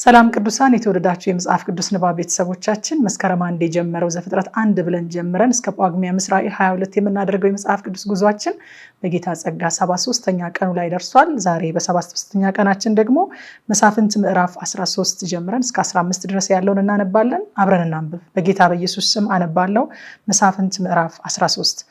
ሰላም ቅዱሳን የተወደዳችሁ የመጽሐፍ ቅዱስ ንባብ ቤተሰቦቻችን መስከረም አንድ የጀመረው ዘፍጥረት አንድ ብለን ጀምረን እስከ ጳጉሜ ምስራ 22 የምናደርገው የመጽሐፍ ቅዱስ ጉዟችን በጌታ ጸጋ 73ኛ ቀኑ ላይ ደርሷል። ዛሬ በ73ኛ ቀናችን ደግሞ መሳፍንት ምዕራፍ 13 ጀምረን እስከ 15 ድረስ ያለውን እናነባለን። አብረን እናንብብ። በጌታ በኢየሱስ ስም አነባለው። መሳፍንት ምዕራፍ 13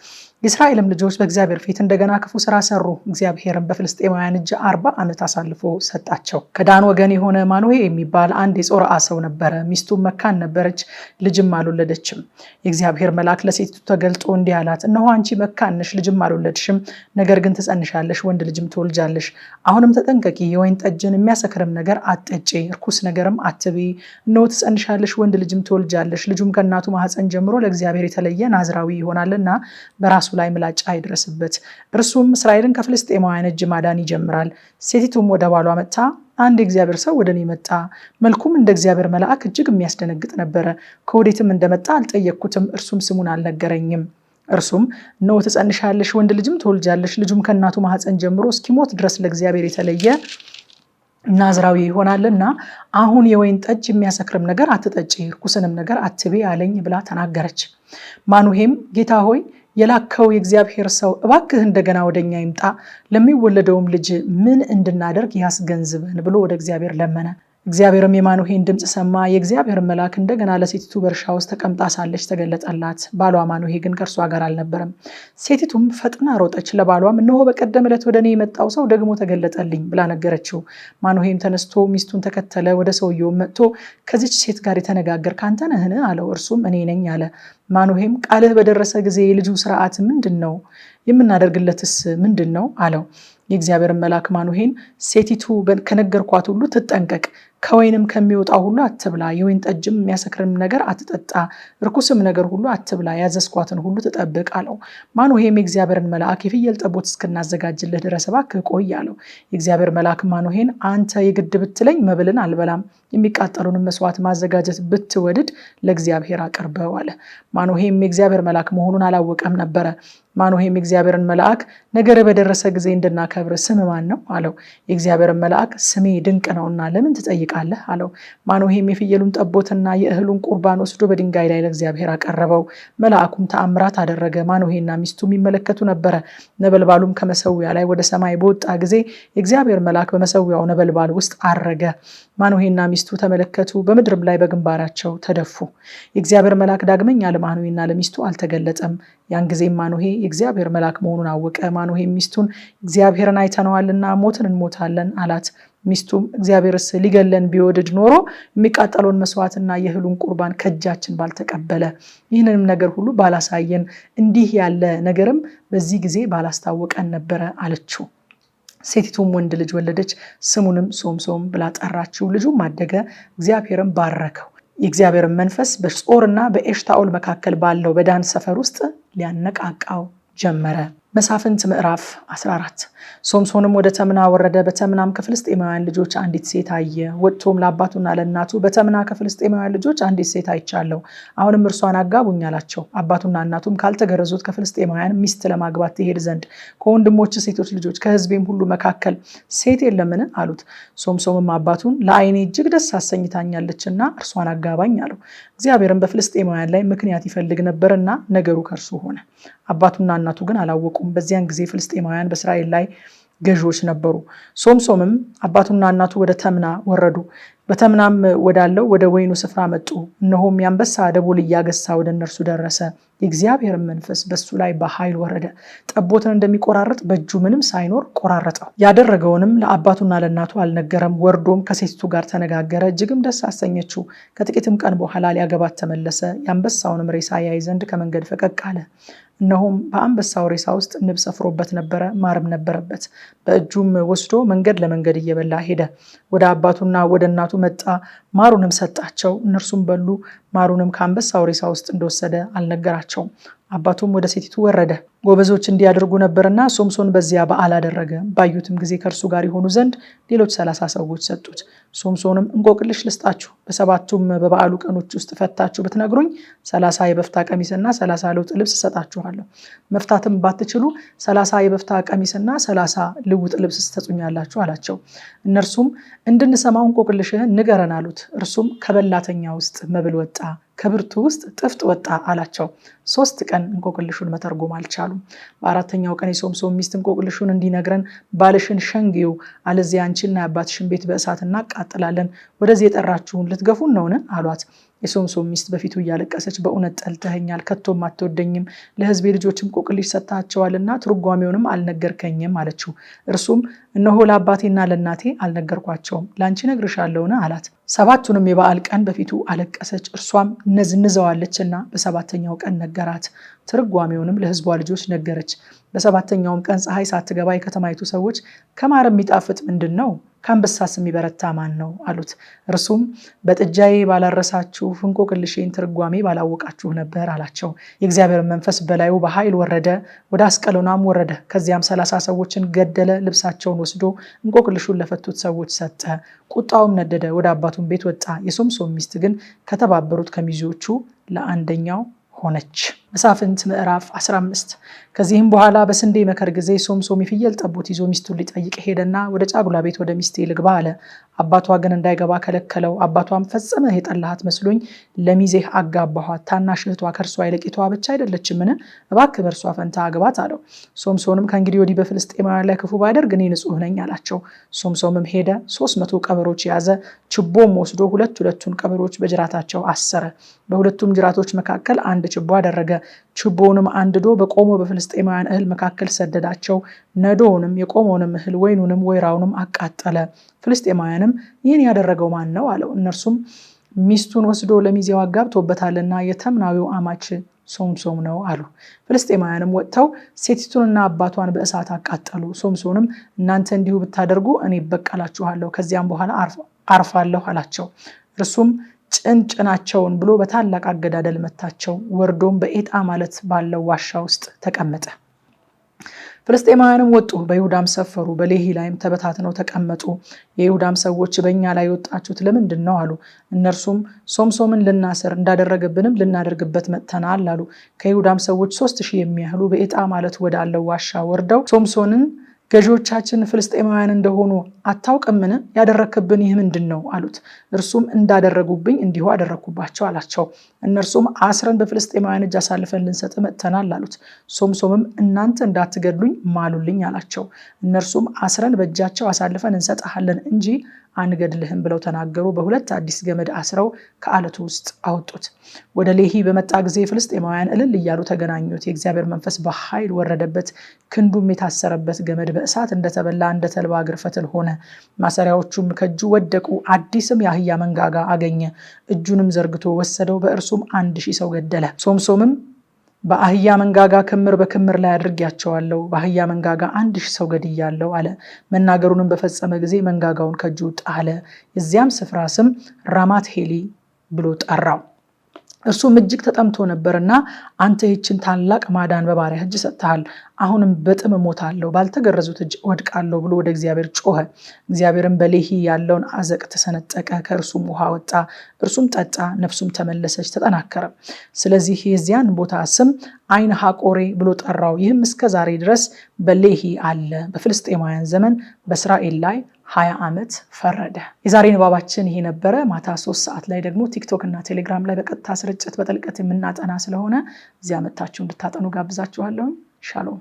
የእስራኤልም ልጆች በእግዚአብሔር ፊት እንደገና ክፉ ስራ ሰሩ። እግዚአብሔርም በፍልስጤማውያን እጅ አርባ ዓመት አሳልፎ ሰጣቸው። ከዳን ወገን የሆነ ማኑሄ የሚባል አንድ የጾርዓ ሰው ነበረ። ሚስቱም መካን ነበረች፣ ልጅም አልወለደችም። የእግዚአብሔር መልአክ ለሴቲቱ ተገልጦ እንዲህ አላት፣ እነሆ አንቺ መካን ነሽ፣ ልጅም አልወለድሽም። ነገር ግን ትጸንሻለሽ፣ ወንድ ልጅም ትወልጃለሽ። አሁንም ተጠንቀቂ፣ የወይን ጠጅን የሚያሰክርም ነገር አትጠጪ፣ እርኩስ ነገርም አትቢ። እነሆ ትጸንሻለሽ፣ ወንድ ልጅም ትወልጃለሽ። ልጁም ከእናቱ ማህፀን ጀምሮ ለእግዚአብሔር የተለየ ናዝራዊ ይሆናልና በራሱ ላይ ምላጫ አይድረስበት። እርሱም እስራኤልን ከፍልስጤማውያን እጅ ማዳን ይጀምራል። ሴቲቱም ወደ ባሏ መጥታ አንድ የእግዚአብሔር ሰው ወደ እኔ መጣ። መልኩም እንደ እግዚአብሔር መልአክ እጅግ የሚያስደነግጥ ነበረ። ከወዴትም እንደመጣ አልጠየቅኩትም፣ እርሱም ስሙን አልነገረኝም። እርሱም እነሆ ትጸንሻለሽ፣ ወንድ ልጅም ትወልጃለሽ፣ ልጁም ከእናቱ ማህፀን ጀምሮ እስኪሞት ድረስ ለእግዚአብሔር የተለየ ናዝራዊ ይሆናልና አሁን የወይን ጠጅ የሚያሰክርም ነገር አትጠጪ፣ ርኩስንም ነገር አትቤ አለኝ ብላ ተናገረች። ማኑሄም ጌታ ሆይ የላከው የእግዚአብሔር ሰው እባክህ እንደገና ወደኛ ይምጣ፣ ለሚወለደውም ልጅ ምን እንድናደርግ ያስገንዝበን ብሎ ወደ እግዚአብሔር ለመነ። እግዚአብሔርም የማኑሄን ድምፅ ሰማ። የእግዚአብሔር መልአክ እንደገና ለሴቲቱ በእርሻ ውስጥ ተቀምጣ ሳለች ተገለጠላት። ባሏ ማኑሄ ግን ከእርሷ ጋር አልነበረም። ሴቲቱም ፈጥና ሮጠች፣ ለባሏም እነሆ በቀደም ዕለት ወደ እኔ የመጣው ሰው ደግሞ ተገለጠልኝ ብላ ነገረችው። ማኑሄም ተነስቶ ሚስቱን ተከተለ። ወደ ሰውየውም መጥቶ ከዚች ሴት ጋር የተነጋገር ካንተ ነህን? አለው። እርሱም እኔ ነኝ አለ። ማኑሄም ቃልህ በደረሰ ጊዜ የልጁ ስርዓት ምንድን ነው? የምናደርግለትስ ምንድን ነው? አለው። የእግዚአብሔርን መልአክ ማኑሄን ሴቲቱ ከነገርኳት ሁሉ ትጠንቀቅ፣ ከወይንም ከሚወጣ ሁሉ አትብላ፣ የወይን ጠጅም የሚያሰክርም ነገር አትጠጣ፣ ርኩስም ነገር ሁሉ አትብላ፣ ያዘዝኳትን ሁሉ ትጠብቅ አለው። ማኑሄም የእግዚአብሔርን መልአክ የፍየል ጠቦት እስክናዘጋጅልህ ድረስ እባክህ ቆይ አለው። የእግዚአብሔር መልአክ ማኑሄን አንተ የግድ ብትለኝ መብልን አልበላም፣ የሚቃጠሉንም መስዋዕት ማዘጋጀት ብትወድድ ለእግዚአብሔር አቅርበው አለ። ማኑሄም የእግዚአብሔር መልአክ መሆኑን አላወቀም ነበረ። ማኖሄም የእግዚአብሔርን መልአክ ነገር በደረሰ ጊዜ እንድናከብር ስም ማን ነው አለው። የእግዚአብሔርን መልአክ ስሜ ድንቅ ነውና ለምን ትጠይቃለህ አለው። ማኖሄም የፍየሉን ጠቦትና የእህሉን ቁርባን ወስዶ በድንጋይ ላይ ለእግዚአብሔር አቀረበው። መልአኩም ተአምራት አደረገ። ማኖሄና ሚስቱ የሚመለከቱ ነበረ። ነበልባሉም ከመሰዊያ ላይ ወደ ሰማይ በወጣ ጊዜ የእግዚአብሔር መልአክ በመሰዊያው ነበልባል ውስጥ አረገ። ማኖሄና ሚስቱ ተመለከቱ፣ በምድርም ላይ በግንባራቸው ተደፉ። የእግዚአብሔር መልአክ ዳግመኛ ለማኖሄና ለሚስቱ አልተገለጠም። ያን ጊዜም ማኖሄ የእግዚአብሔር መልአክ መሆኑን አወቀ። ማኑሄም ሚስቱን እግዚአብሔርን አይተነዋልና ሞትን እንሞታለን አላት። ሚስቱም እግዚአብሔርስ ሊገለን ቢወድድ ኖሮ የሚቃጠለውን መስዋዕትና የእህሉን ቁርባን ከእጃችን ባልተቀበለ፣ ይህንንም ነገር ሁሉ ባላሳየን፣ እንዲህ ያለ ነገርም በዚህ ጊዜ ባላስታወቀን ነበረ አለችው። ሴቲቱም ወንድ ልጅ ወለደች፣ ስሙንም ሶምሶም ብላ ጠራችው። ልጁም አደገ፣ እግዚአብሔርም ባረከው። የእግዚአብሔርን መንፈስ በጾርና በኤሽታኦል መካከል ባለው በዳን ሰፈር ውስጥ ሊያነቃቃው ጀመረ። መሳፍንት ምዕራፍ 14 ሶምሶንም ወደ ተምና ወረደ። በተምናም ከፍልስጤማውያን ልጆች አንዲት ሴት አየ። ወጥቶም ለአባቱና ለእናቱ በተምና ከፍልስጤማውያን ልጆች አንዲት ሴት አይቻለሁ፣ አሁንም እርሷን አጋቡኝ አላቸው። አባቱና እናቱም ካልተገረዙት ከፍልስጤማውያን ሚስት ለማግባት ትሄድ ዘንድ ከወንድሞች ሴቶች ልጆች ከሕዝቤም ሁሉ መካከል ሴት የለምን አሉት። ሶምሶምም አባቱን ለዓይኔ እጅግ ደስ አሰኝታኛለችና እርሷን አጋባኝ አለው። እግዚአብሔርም በፍልስጤማውያን ላይ ምክንያት ይፈልግ ነበርና ነገሩ ከእርሱ ሆነ። አባቱና እናቱ ግን አላወቁ አያውቁም። በዚያን ጊዜ ፍልስጤማውያን በእስራኤል ላይ ገዢዎች ነበሩ። ሶምሶምም አባቱና እናቱ ወደ ተምና ወረዱ። በተምናም ወዳለው ወደ ወይኑ ስፍራ መጡ። እነሆም የአንበሳ ደቦል እያገሳ ወደ እነርሱ ደረሰ። የእግዚአብሔር መንፈስ በሱ ላይ በኃይል ወረደ። ጠቦትን እንደሚቆራረጥ በእጁ ምንም ሳይኖር ቆራረጠው። ያደረገውንም ለአባቱና ለእናቱ አልነገረም። ወርዶም ከሴቲቱ ጋር ተነጋገረ፣ እጅግም ደስ አሰኘችው። ከጥቂትም ቀን በኋላ ሊያገባት ተመለሰ። የአንበሳውንም ሬሳ ያይ ዘንድ ከመንገድ ፈቀቅ አለ። እነሆም በአንበሳው ሬሳ ውስጥ ንብ ሰፍሮበት ነበረ፣ ማርም ነበረበት። በእጁም ወስዶ መንገድ ለመንገድ እየበላ ሄደ። ወደ አባቱና ወደ እናቱ መጣ፣ ማሩንም ሰጣቸው። እነርሱም በሉ። ማሩንም ከአንበሳው ሬሳ ውስጥ እንደወሰደ አልነገራቸውም። አባቱም ወደ ሴቲቱ ወረደ፣ ጎበዞች እንዲያደርጉ ነበርና ሶምሶን በዚያ በዓል አደረገ። ባዩትም ጊዜ ከእርሱ ጋር የሆኑ ዘንድ ሌሎች ሰላሳ ሰዎች ሰጡት። ሶምሶንም እንቆቅልሽ ልስጣችሁ፣ በሰባቱም በበዓሉ ቀኖች ውስጥ ፈታችሁ ብትነግሩኝ ሰላሳ የበፍታ ቀሚስና ሰላሳ ለውጥ ልብስ እሰጣችኋለሁ። መፍታትም ባትችሉ ሰላሳ የበፍታ ቀሚስና ሰላሳ ልውጥ ልብስ ትሰጡኛላችሁ አላቸው። እነርሱም እንድንሰማው እንቆቅልሽህን ንገረን አሉት። እርሱም ከበላተኛ ውስጥ መብል ወጣ ከብርቱ ውስጥ ጥፍጥ ወጣ አላቸው። ሶስት ቀን እንቆቅልሹን መተርጎም አልቻሉም። በአራተኛው ቀን የሶምሶን ሚስት እንቆቅልሹን እንዲነግረን ባልሽን ሸንግዩ፣ አለዚያ አንቺና የአባትሽን ቤት በእሳት እናቃጥላለን፣ ወደዚህ የጠራችሁን ልትገፉን ነውን? አሏት። የሶምሶን ሚስት በፊቱ እያለቀሰች በእውነት ጠልተኸኛል፣ ከቶም አትወደኝም፣ ለህዝቤ ልጆችም እንቆቅልሽ ሰጥታቸዋልና ትርጓሜውንም አልነገርከኝም አለችው። እርሱም እነሆ ለአባቴና ለእናቴ አልነገርኳቸውም፣ ለአንቺ እነግርሻለሁን አላት። ሰባቱንም የበዓል ቀን በፊቱ አለቀሰች። እርሷም ነዝንዘዋለችና በሰባተኛው ቀን ነገራት። ትርጓሜውንም ለሕዝቧ ልጆች ነገረች። በሰባተኛውም ቀን ፀሐይ ሳትገባ የከተማይቱ ሰዎች ከማር የሚጣፍጥ ምንድን ነው? ከአንበሳስ የሚበረታ ማን ነው? አሉት። እርሱም በጥጃዬ ባላረሳችሁ እንቆቅልሼን ትርጓሜ ባላወቃችሁ ነበር አላቸው። የእግዚአብሔር መንፈስ በላዩ በኃይል ወረደ፣ ወደ አስቀሎናም ወረደ። ከዚያም ሰላሳ ሰዎችን ገደለ፣ ልብሳቸውን ወስዶ እንቆቅልሹን ለፈቱት ሰዎች ሰጠ። ቁጣውም ነደደ፣ ወደ አባቱን ቤት ወጣ። የሶምሶን ሚስት ግን ከተባበሩት ከሚዜዎቹ ለአንደኛው ሆነች። መሳፍንት ምዕራፍ 15 ከዚህም በኋላ በስንዴ መከር ጊዜ ሶምሶም ፍየል ጠቦት ይዞ ሚስቱን ሊጠይቅ ሄደና ወደ ጫጉላ ቤት ወደ ሚስቴ ልግባ አለ። አባቷ ግን እንዳይገባ ከለከለው። አባቷም ፈጸመ የጠላሃት መስሎኝ ለሚዜህ አጋባኋት። ታናሽ እህቷ ከእርሷ ይልቂቷ ብቻ አይደለችምን? እባክህ በእርሷ ፈንታ አግባት አለው። ሶምሶንም ከእንግዲህ ወዲህ በፍልስጤማውያን ላይ ክፉ ባደርግ እኔ ንጹህ ነኝ አላቸው። ሶምሶምም ሄደ፣ ሶስት መቶ ቀበሮች የያዘ ችቦም ወስዶ ሁለት ሁለቱን ቀበሮች በጅራታቸው አሰረ። በሁለቱም ጅራቶች መካከል አንድ ችቦ አደረገ። ችቦውንም አንድዶ በቆሞ በፍልስጤማውያን እህል መካከል ሰደዳቸው። ነዶውንም የቆመውንም እህል ወይኑንም ወይራውንም አቃጠለ። ፍልስጤማውያንም ይህን ያደረገው ማን ነው አለው። እነርሱም ሚስቱን ወስዶ ለሚዜው አጋብቶበታልና የተምናዊው አማች ሶምሶም ነው አሉ። ፍልስጤማውያንም ወጥተው ሴቲቱንና አባቷን በእሳት አቃጠሉ። ሶምሶንም እናንተ እንዲሁ ብታደርጉ እኔ ይበቀላችኋለሁ፣ ከዚያም በኋላ አርፋለሁ አላቸው። እርሱም ጭንጭናቸውን ብሎ በታላቅ አገዳደል መታቸው። ወርዶም በኤጣ ማለት ባለው ዋሻ ውስጥ ተቀመጠ። ፍልስጤማውያንም ወጡ፣ በይሁዳም ሰፈሩ፣ በሌሂ ላይም ተበታትነው ተቀመጡ። የይሁዳም ሰዎች በእኛ ላይ የወጣችሁት ለምንድን ነው አሉ። እነርሱም ሶምሶምን ልናስር እንዳደረገብንም ልናደርግበት መጥተናል አሉ። ከይሁዳም ሰዎች ሶስት ሺህ የሚያህሉ በኤጣ ማለት ወዳለው ዋሻ ወርደው ሶምሶንን ገዢዎቻችን ፍልስጤማውያን እንደሆኑ አታውቅምን? ያደረክብን ይህ ምንድን ነው አሉት። እርሱም እንዳደረጉብኝ እንዲሁ አደረግኩባቸው አላቸው። እነርሱም አስረን በፍልስጤማውያን እጅ አሳልፈን ልንሰጥ መጥተናል አሉት። ሶምሶምም እናንተ እንዳትገድሉኝ ማሉልኝ አላቸው። እነርሱም አስረን በእጃቸው አሳልፈን እንሰጥሃለን እንጂ አንገድልህም ብለው ተናገሩ። በሁለት አዲስ ገመድ አስረው ከአለቱ ውስጥ አወጡት። ወደ ሌሂ በመጣ ጊዜ ፍልስጤማውያን እልል እያሉ ተገናኙት። የእግዚአብሔር መንፈስ በኃይል ወረደበት፣ ክንዱም የታሰረበት ገመድ በእሳት እንደተበላ እንደ ተልባ እግር ፈትል ሆነ። ማሰሪያዎቹም ከእጁ ወደቁ። አዲስም የአህያ መንጋጋ አገኘ። እጁንም ዘርግቶ ወሰደው፣ በእርሱም አንድ ሺህ ሰው ገደለ። ሶምሶምም በአህያ መንጋጋ ክምር በክምር ላይ አድርጌያቸዋለሁ፣ በአህያ መንጋጋ አንድ ሺህ ሰው ገድያለሁ አለ። መናገሩንም በፈጸመ ጊዜ መንጋጋውን ከእጁ ጣለ። የዚያም ስፍራ ስም ራማት ሄሊ ብሎ ጠራው። እርሱም እጅግ ተጠምቶ ነበርና አንተ ይችን ታላቅ ማዳን በባሪያ እጅ ሰጥተሃል፣ አሁንም በጥም አለው ባልተገረዙት እጅ ወድቃለሁ ብሎ ወደ እግዚአብሔር ጮኸ። እግዚአብሔርም በሌሂ ያለውን አዘቅ ተሰነጠቀ ከእርሱም ውሃ ወጣ፣ እርሱም ጠጣ፣ ነፍሱም ተመለሰች፣ ተጠናከረ። ስለዚህ የዚያን ቦታ ስም አይን ሀቆሬ ብሎ ጠራው። ይህም እስከ ዛሬ ድረስ በሌሂ አለ። በፍልስጤማውያን ዘመን በእስራኤል ላይ ሀያ ዓመት ፈረደ። የዛሬ ንባባችን ይሄ ነበረ። ማታ ሶስት ሰዓት ላይ ደግሞ ቲክቶክ እና ቴሌግራም ላይ በቀጥታ ስርጭት በጥልቀት የምናጠና ስለሆነ እዚያ መጥታችሁ እንድታጠኑ ጋብዛችኋለሁ። ሻሎም